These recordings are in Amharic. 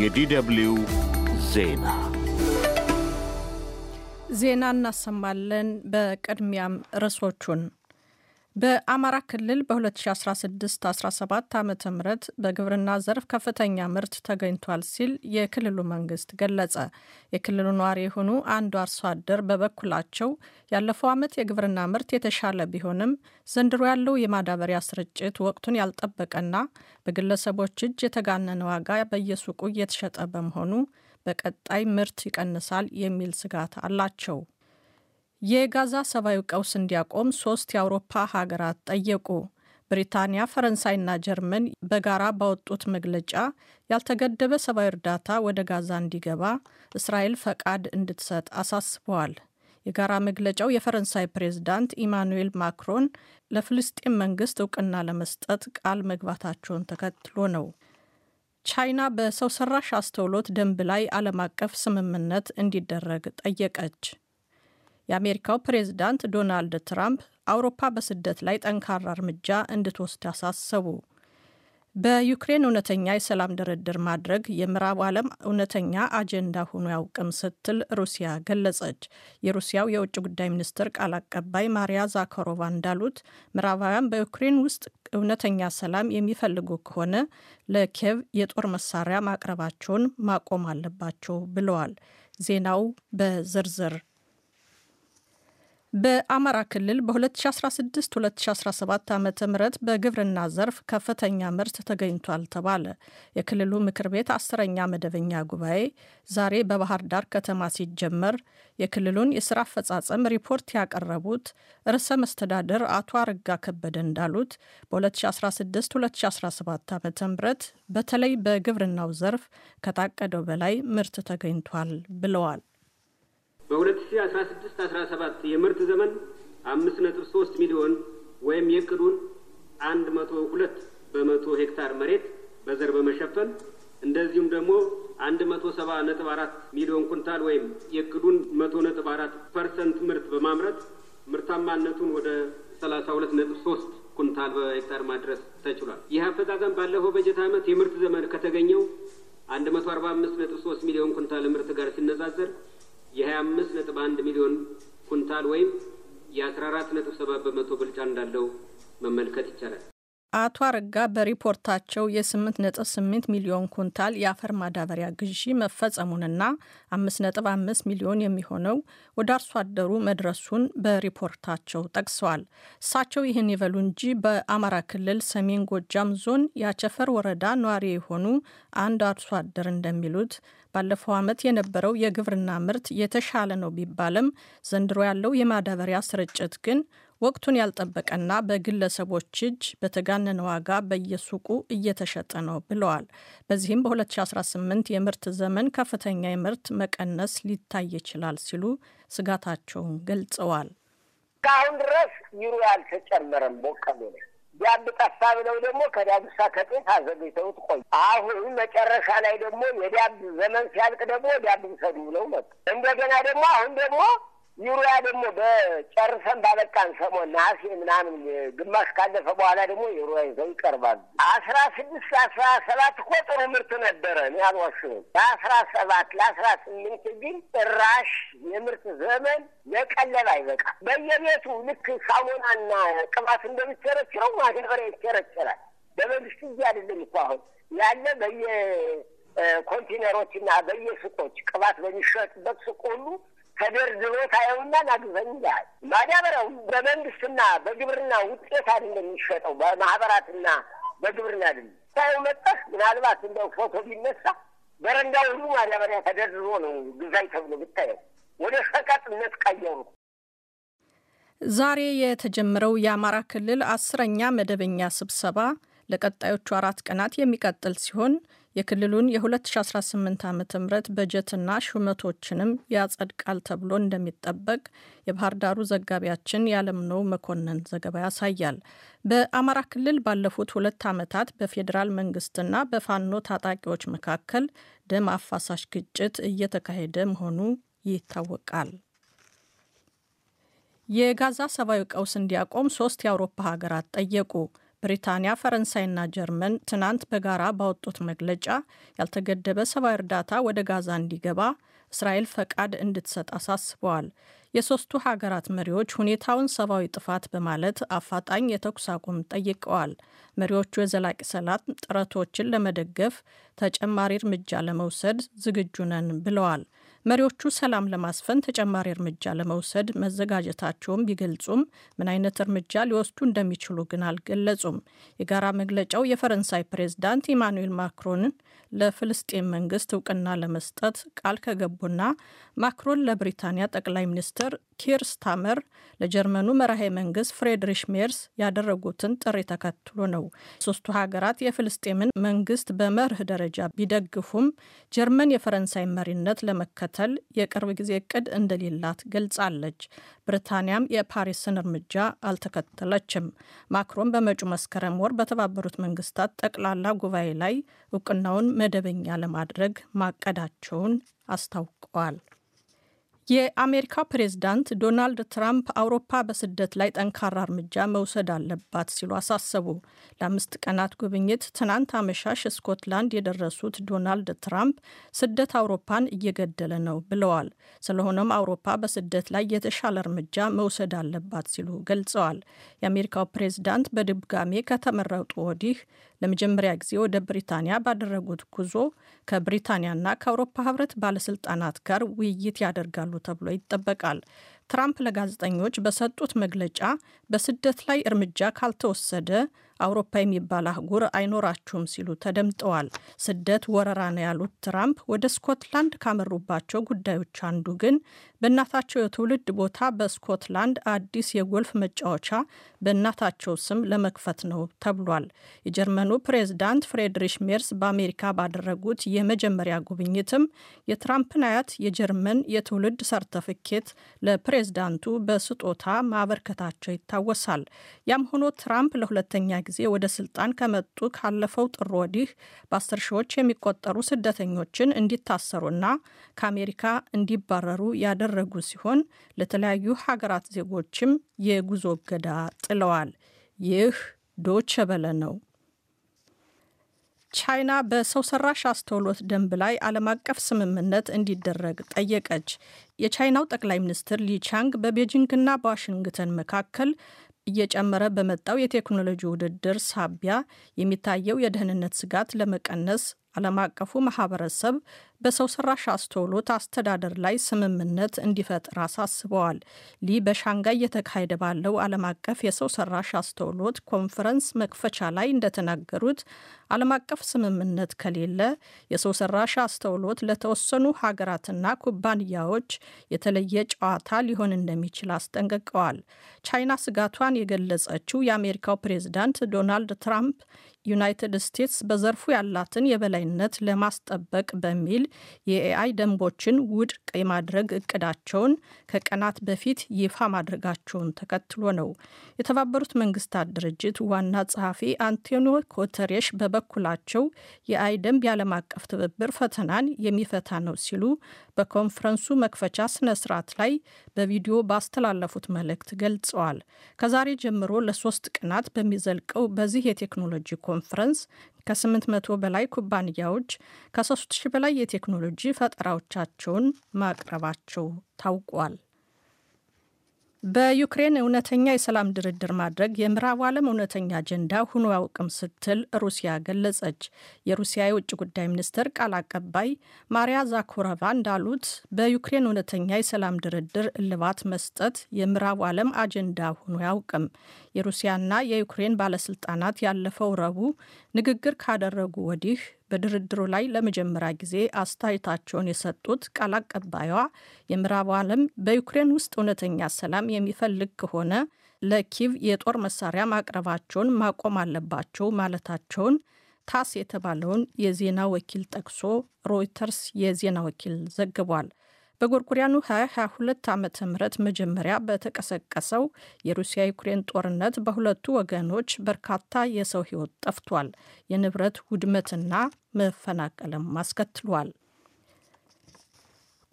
የዲደብልዩ ዜና ዜና እናሰማለን። በቅድሚያም ርዕሶቹን በአማራ ክልል በ2016-17 ዓ ም በግብርና ዘርፍ ከፍተኛ ምርት ተገኝቷል ሲል የክልሉ መንግስት ገለጸ። የክልሉ ነዋሪ የሆኑ አንዱ አርሶ አደር በበኩላቸው ያለፈው ዓመት የግብርና ምርት የተሻለ ቢሆንም ዘንድሮ ያለው የማዳበሪያ ስርጭት ወቅቱን ያልጠበቀና በግለሰቦች እጅ የተጋነነ ዋጋ በየሱቁ እየተሸጠ በመሆኑ በቀጣይ ምርት ይቀንሳል የሚል ስጋት አላቸው። የጋዛ ሰብአዊ ቀውስ እንዲያቆም ሶስት የአውሮፓ ሀገራት ጠየቁ። ብሪታንያ፣ ፈረንሳይና ጀርመን በጋራ ባወጡት መግለጫ ያልተገደበ ሰብአዊ እርዳታ ወደ ጋዛ እንዲገባ እስራኤል ፈቃድ እንድትሰጥ አሳስበዋል። የጋራ መግለጫው የፈረንሳይ ፕሬዝዳንት ኢማኑኤል ማክሮን ለፍልስጤም መንግስት እውቅና ለመስጠት ቃል መግባታቸውን ተከትሎ ነው። ቻይና በሰው ሰራሽ አስተውሎት ደንብ ላይ ዓለም አቀፍ ስምምነት እንዲደረግ ጠየቀች። የአሜሪካው ፕሬዝዳንት ዶናልድ ትራምፕ አውሮፓ በስደት ላይ ጠንካራ እርምጃ እንድትወስድ አሳሰቡ። በዩክሬን እውነተኛ የሰላም ድርድር ማድረግ የምዕራብ ዓለም እውነተኛ አጀንዳ ሆኖ ያውቅም ስትል ሩሲያ ገለጸች። የሩሲያው የውጭ ጉዳይ ሚኒስትር ቃል አቀባይ ማሪያ ዛካሮቫ እንዳሉት ምዕራባውያን በዩክሬን ውስጥ እውነተኛ ሰላም የሚፈልጉ ከሆነ ለኪየቭ የጦር መሳሪያ ማቅረባቸውን ማቆም አለባቸው ብለዋል። ዜናው በዝርዝር በአማራ ክልል በ2016-2017 ዓ ም በግብርና ዘርፍ ከፍተኛ ምርት ተገኝቷል ተባለ። የክልሉ ምክር ቤት አስረኛ መደበኛ ጉባኤ ዛሬ በባህር ዳር ከተማ ሲጀመር የክልሉን የስራ አፈጻጸም ሪፖርት ያቀረቡት ርዕሰ መስተዳደር አቶ አረጋ ከበደ እንዳሉት በ2016-2017 ዓ ም በተለይ በግብርናው ዘርፍ ከታቀደው በላይ ምርት ተገኝቷል ብለዋል። በ2016/17 የምርት ዘመን 5.3 ሚሊዮን ወይም የቅዱን 102 በመቶ ሄክታር መሬት በዘር በመሸፈን እንደዚሁም ደግሞ 170.4 ሚሊዮን ኩንታል ወይም የቅዱን 100.4 ፐርሰንት ምርት በማምረት ምርታማነቱን ወደ 32.3 ኩንታል በሄክታር ማድረስ ተችሏል። ይህ አፈጻጸም ባለፈው በጀት ዓመት የምርት ዘመን ከተገኘው 145.3 ሚሊዮን ኩንታል ምርት ጋር ሲነጻጸር የ25.1 ሚሊዮን ኩንታል ወይም የ14.7 በመቶ ብልጫ እንዳለው መመልከት ይቻላል። አቶ አረጋ በሪፖርታቸው የ8.8 ሚሊዮን ኩንታል የአፈር ማዳበሪያ ግዢ መፈጸሙንና 5.5 ሚሊዮን የሚሆነው ወደ አርሶ አደሩ መድረሱን በሪፖርታቸው ጠቅሰዋል። እሳቸው ይህን ይበሉ እንጂ በአማራ ክልል ሰሜን ጎጃም ዞን የአቸፈር ወረዳ ነዋሪ የሆኑ አንድ አርሶ አደር እንደሚሉት ባለፈው ዓመት የነበረው የግብርና ምርት የተሻለ ነው ቢባልም ዘንድሮ ያለው የማዳበሪያ ስርጭት ግን ወቅቱን ያልጠበቀና በግለሰቦች እጅ በተጋነነ ዋጋ በየሱቁ እየተሸጠ ነው ብለዋል። በዚህም በ2018 የምርት ዘመን ከፍተኛ የምርት መቀነስ ሊታይ ይችላል ሲሉ ስጋታቸውን ገልጸዋል። እስካሁን ድረስ ይሩ አልተጨመረም። ቦቀሎ ላይ ዳብ ጠፋ ብለው ደግሞ ከዳጉሳ ከጤፍ አዘግይተውት ቆዩ። አሁን መጨረሻ ላይ ደግሞ የዳብ ዘመን ሲያልቅ ደግሞ ዳብ ውሰዱ ብለው መጡ። እንደገና ደግሞ አሁን ደግሞ ዩሪያ ደግሞ በጨርሰን ባበቃን ሰሞን ነሐሴ ምናምን ግማሽ ካለፈ በኋላ ደግሞ ዩሪያ ይዘው ይቀርባሉ። አስራ ስድስት አስራ ሰባት እኮ ጥሩ ምርት ነበረ። ያልዋሽም ለአስራ ሰባት ለአስራ ስምንት ግን ጭራሽ የምርት ዘመን ለቀለብ አይበቃ። በየቤቱ ልክ ሳሙናና ቅባት እንደሚቸረችረው ማዳበሪያ ይቸረችራል። በመንግስት እጅ አይደለም እኮ አሁን ያለ በየ ኮንቴነሮችና በየሱቆች ቅባት በሚሸጥበት ሱቅ ሁሉ ተደርድሮ ታየውና ናግዘኝ ይላል። ማዳበሪያው በመንግስትና በግብርና ውጤት አይደለም የሚሸጠው በማህበራትና በግብርና አይደለም። ታየው መጠህ ምናልባት እንደው ፎቶ ቢነሳ በረንዳ ሁሉ ማዳበሪያ ተደርድሮ ነው ግዛኝ ተብሎ ብታየው ወደ ሸቀጥነት ቀየሩ። ዛሬ የተጀመረው የአማራ ክልል አስረኛ መደበኛ ስብሰባ ለቀጣዮቹ አራት ቀናት የሚቀጥል ሲሆን የክልሉን የ2018 ዓ ም በጀትና ሹመቶችንም ያጸድቃል ተብሎ እንደሚጠበቅ የባህር ዳሩ ዘጋቢያችን ያለምነው መኮንን ዘገባ ያሳያል። በአማራ ክልል ባለፉት ሁለት ዓመታት በፌዴራል መንግስትና በፋኖ ታጣቂዎች መካከል ደም አፋሳሽ ግጭት እየተካሄደ መሆኑ ይታወቃል። የጋዛ ሰብአዊ ቀውስ እንዲያቆም ሶስት የአውሮፓ ሀገራት ጠየቁ። ብሪታንያ፣ ፈረንሳይና ጀርመን ትናንት በጋራ ባወጡት መግለጫ ያልተገደበ ሰብአዊ እርዳታ ወደ ጋዛ እንዲገባ እስራኤል ፈቃድ እንድትሰጥ አሳስበዋል። የሦስቱ ሀገራት መሪዎች ሁኔታውን ሰብአዊ ጥፋት በማለት አፋጣኝ የተኩስ አቁም ጠይቀዋል። መሪዎቹ የዘላቂ ሰላም ጥረቶችን ለመደገፍ ተጨማሪ እርምጃ ለመውሰድ ዝግጁ ነን ብለዋል። መሪዎቹ ሰላም ለማስፈን ተጨማሪ እርምጃ ለመውሰድ መዘጋጀታቸውን ቢገልጹም ምን አይነት እርምጃ ሊወስዱ እንደሚችሉ ግን አልገለጹም። የጋራ መግለጫው የፈረንሳይ ፕሬዝዳንት ኢማኑኤል ማክሮንን ለፍልስጤን መንግስት እውቅና ለመስጠት ቃል ከገቡና ማክሮን ለብሪታንያ ጠቅላይ ሚኒስትር ኪር ስታመር ለጀርመኑ መራሄ መንግስት ፍሬድሪሽ ሜርስ ያደረጉትን ጥሪ ተከትሎ ነው። ሶስቱ ሀገራት የፍልስጤምን መንግስት በመርህ ደረጃ ቢደግፉም ጀርመን የፈረንሳይ መሪነት ለመከተል ለመከተል የቅርብ ጊዜ እቅድ እንደሌላት ገልጻለች። ብሪታንያም የፓሪስን እርምጃ አልተከተለችም። ማክሮን በመጪው መስከረም ወር በተባበሩት መንግስታት ጠቅላላ ጉባኤ ላይ እውቅናውን መደበኛ ለማድረግ ማቀዳቸውን አስታውቀዋል። የአሜሪካ ፕሬዝዳንት ዶናልድ ትራምፕ አውሮፓ በስደት ላይ ጠንካራ እርምጃ መውሰድ አለባት ሲሉ አሳሰቡ። ለአምስት ቀናት ጉብኝት ትናንት አመሻሽ ስኮትላንድ የደረሱት ዶናልድ ትራምፕ ስደት አውሮፓን እየገደለ ነው ብለዋል። ስለሆነም አውሮፓ በስደት ላይ የተሻለ እርምጃ መውሰድ አለባት ሲሉ ገልጸዋል። የአሜሪካው ፕሬዝዳንት በድጋሜ ከተመረጡ ወዲህ ለመጀመሪያ ጊዜ ወደ ብሪታንያ ባደረጉት ጉዞ ከብሪታንያና ከአውሮፓ ህብረት ባለስልጣናት ጋር ውይይት ያደርጋሉ ተብሎ ይጠበቃል። ትራምፕ ለጋዜጠኞች በሰጡት መግለጫ በስደት ላይ እርምጃ ካልተወሰደ አውሮፓ የሚባል አህጉር አይኖራችሁም ሲሉ ተደምጠዋል። ስደት ወረራ ነው ያሉት ትራምፕ ወደ ስኮትላንድ ካመሩባቸው ጉዳዮች አንዱ ግን በእናታቸው የትውልድ ቦታ በስኮትላንድ አዲስ የጎልፍ መጫወቻ በእናታቸው ስም ለመክፈት ነው ተብሏል። የጀርመኑ ፕሬዝዳንት ፍሬድሪሽ ሜርስ በአሜሪካ ባደረጉት የመጀመሪያ ጉብኝትም የትራምፕን አያት የጀርመን የትውልድ ሰርተፍኬት ለፕሬዝዳንቱ በስጦታ ማበርከታቸው ይታወሳል። ያም ሆኖ ትራምፕ ለሁለተኛ ጊዜ ወደ ስልጣን ከመጡ ካለፈው ጥር ወዲህ በአስር ሺዎች የሚቆጠሩ ስደተኞችን እንዲታሰሩና ከአሜሪካ እንዲባረሩ ያደረጉ ሲሆን ለተለያዩ ሀገራት ዜጎችም የጉዞ እገዳ ጥለዋል። ይህ ዶቼ ቬለ ነው። ቻይና በሰው ሰራሽ አስተውሎት ደንብ ላይ ዓለም አቀፍ ስምምነት እንዲደረግ ጠየቀች። የቻይናው ጠቅላይ ሚኒስትር ሊቻንግ በቤጂንግና በዋሽንግተን መካከል እየጨመረ በመጣው የቴክኖሎጂ ውድድር ሳቢያ የሚታየው የደህንነት ስጋት ለመቀነስ ዓለም አቀፉ ማህበረሰብ በሰው ሰራሽ አስተውሎት አስተዳደር ላይ ስምምነት እንዲፈጥር አሳስበዋል። ሊ በሻንጋይ የተካሄደ ባለው ዓለም አቀፍ የሰው ሰራሽ አስተውሎት ኮንፈረንስ መክፈቻ ላይ እንደተናገሩት ዓለም አቀፍ ስምምነት ከሌለ የሰው ሰራሽ አስተውሎት ለተወሰኑ ሀገራትና ኩባንያዎች የተለየ ጨዋታ ሊሆን እንደሚችል አስጠንቅቀዋል። ቻይና ስጋቷን የገለጸችው የአሜሪካው ፕሬዝዳንት ዶናልድ ትራምፕ ዩናይትድ ስቴትስ በዘርፉ ያላትን የበላይነት ለማስጠበቅ በሚል የኤአይ ደንቦችን ውድቅ የማድረግ እቅዳቸውን ከቀናት በፊት ይፋ ማድረጋቸውን ተከትሎ ነው። የተባበሩት መንግስታት ድርጅት ዋና ጸሐፊ አንቶኒዮ ኮተሬሽ በበኩላቸው የአይ ደንብ የዓለም አቀፍ ትብብር ፈተናን የሚፈታ ነው ሲሉ በኮንፈረንሱ መክፈቻ ስነ ስርዓት ላይ በቪዲዮ ባስተላለፉት መልእክት ገልጸዋል። ከዛሬ ጀምሮ ለሶስት ቀናት በሚዘልቀው በዚህ የቴክኖሎጂ ኮንፈረንስ ከ800 በላይ ኩባንያዎች ከ3000 በላይ የቴክኖሎጂ ፈጠራዎቻቸውን ማቅረባቸው ታውቋል። በዩክሬን እውነተኛ የሰላም ድርድር ማድረግ የምዕራቡ ዓለም እውነተኛ አጀንዳ ሆኖ አያውቅም ስትል ሩሲያ ገለጸች። የሩሲያ የውጭ ጉዳይ ሚኒስትር ቃል አቀባይ ማሪያ ዛኮረቫ እንዳሉት በዩክሬን እውነተኛ የሰላም ድርድር እልባት መስጠት የምዕራቡ ዓለም አጀንዳ ሆኖ አያውቅም። የሩሲያና የዩክሬን ባለስልጣናት ያለፈው ረቡዕ ንግግር ካደረጉ ወዲህ በድርድሩ ላይ ለመጀመሪያ ጊዜ አስተያየታቸውን የሰጡት ቃል አቀባዩዋ የምዕራቡ ዓለም በዩክሬን ውስጥ እውነተኛ ሰላም የሚፈልግ ከሆነ ለኪቭ የጦር መሳሪያ ማቅረባቸውን ማቆም አለባቸው ማለታቸውን ታስ የተባለውን የዜና ወኪል ጠቅሶ ሮይተርስ የዜና ወኪል ዘግቧል። በጎርጎሪያኑ 2022 ዓ ም መጀመሪያ በተቀሰቀሰው የሩሲያ ዩክሬን ጦርነት በሁለቱ ወገኖች በርካታ የሰው ሕይወት ጠፍቷል። የንብረት ውድመትና መፈናቀልም አስከትሏል።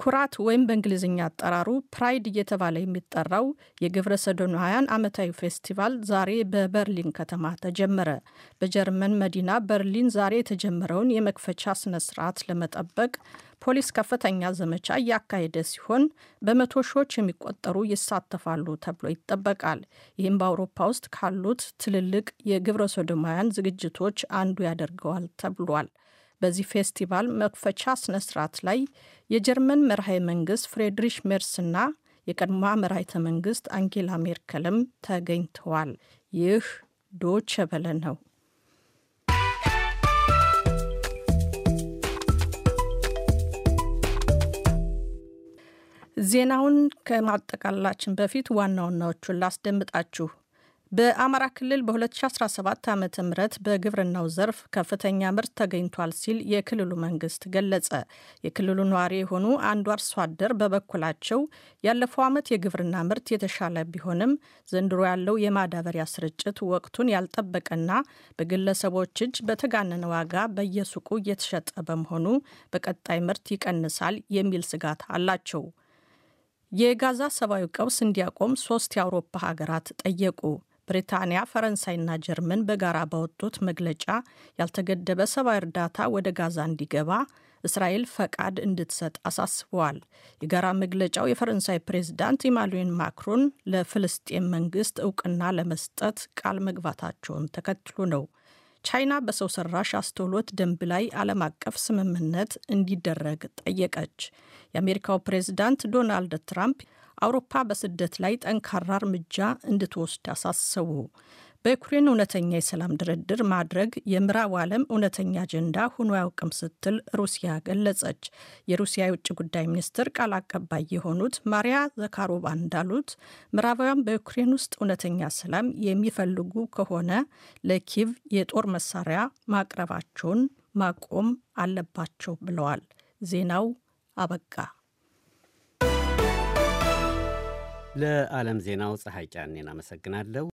ኩራት ወይም በእንግሊዝኛ አጠራሩ ፕራይድ እየተባለ የሚጠራው የግብረ ሰዶናውያን ዓመታዊ ፌስቲቫል ዛሬ በበርሊን ከተማ ተጀመረ። በጀርመን መዲና በርሊን ዛሬ የተጀመረውን የመክፈቻ ስነስርዓት ለመጠበቅ ፖሊስ ከፍተኛ ዘመቻ እያካሄደ ሲሆን በመቶ ሺዎች የሚቆጠሩ ይሳተፋሉ ተብሎ ይጠበቃል። ይህም በአውሮፓ ውስጥ ካሉት ትልልቅ የግብረ ሶዶማውያን ዝግጅቶች አንዱ ያደርገዋል ተብሏል። በዚህ ፌስቲቫል መክፈቻ ስነስርዓት ላይ የጀርመን መርሃይ መንግስት ፍሬድሪሽ ሜርስና የቀድሞ መራሒተ መንግስት አንጌላ ሜርከልም ተገኝተዋል። ይህ ዶቸ በለ ነው። ዜናውን ከማጠቃላችን በፊት ዋና ዋናዎቹን ላስደምጣችሁ። በአማራ ክልል በ2017 ዓ ም በግብርናው ዘርፍ ከፍተኛ ምርት ተገኝቷል ሲል የክልሉ መንግስት ገለጸ። የክልሉ ነዋሪ የሆኑ አንዱ አርሶ አደር በበኩላቸው ያለፈው ዓመት የግብርና ምርት የተሻለ ቢሆንም ዘንድሮ ያለው የማዳበሪያ ስርጭት ወቅቱን ያልጠበቀና በግለሰቦች እጅ በተጋነነ ዋጋ በየሱቁ እየተሸጠ በመሆኑ በቀጣይ ምርት ይቀንሳል የሚል ስጋት አላቸው። የጋዛ ሰብአዊ ቀውስ እንዲያቆም ሶስት የአውሮፓ ሀገራት ጠየቁ። ብሪታንያ፣ ፈረንሳይና ጀርመን በጋራ ባወጡት መግለጫ ያልተገደበ ሰብአዊ እርዳታ ወደ ጋዛ እንዲገባ እስራኤል ፈቃድ እንድትሰጥ አሳስበዋል። የጋራ መግለጫው የፈረንሳይ ፕሬዝዳንት ኢማኑዌል ማክሮን ለፍልስጤን መንግስት እውቅና ለመስጠት ቃል መግባታቸውን ተከትሎ ነው። ቻይና በሰው ሰራሽ አስተውሎት ደንብ ላይ ዓለም አቀፍ ስምምነት እንዲደረግ ጠየቀች። የአሜሪካው ፕሬዝዳንት ዶናልድ ትራምፕ አውሮፓ በስደት ላይ ጠንካራ እርምጃ እንድትወስድ አሳሰቡ። በዩክሬን እውነተኛ የሰላም ድርድር ማድረግ የምዕራቡ ዓለም እውነተኛ አጀንዳ ሆኖ አያውቅም ስትል ሩሲያ ገለጸች። የሩሲያ የውጭ ጉዳይ ሚኒስትር ቃል አቀባይ የሆኑት ማሪያ ዘካሮቫ እንዳሉት ምዕራባውያን በዩክሬን ውስጥ እውነተኛ ሰላም የሚፈልጉ ከሆነ ለኪቭ የጦር መሳሪያ ማቅረባቸውን ማቆም አለባቸው ብለዋል። ዜናው አበቃ። ለዓለም ዜናው ፀሐይ ጫኔን አመሰግናለሁ።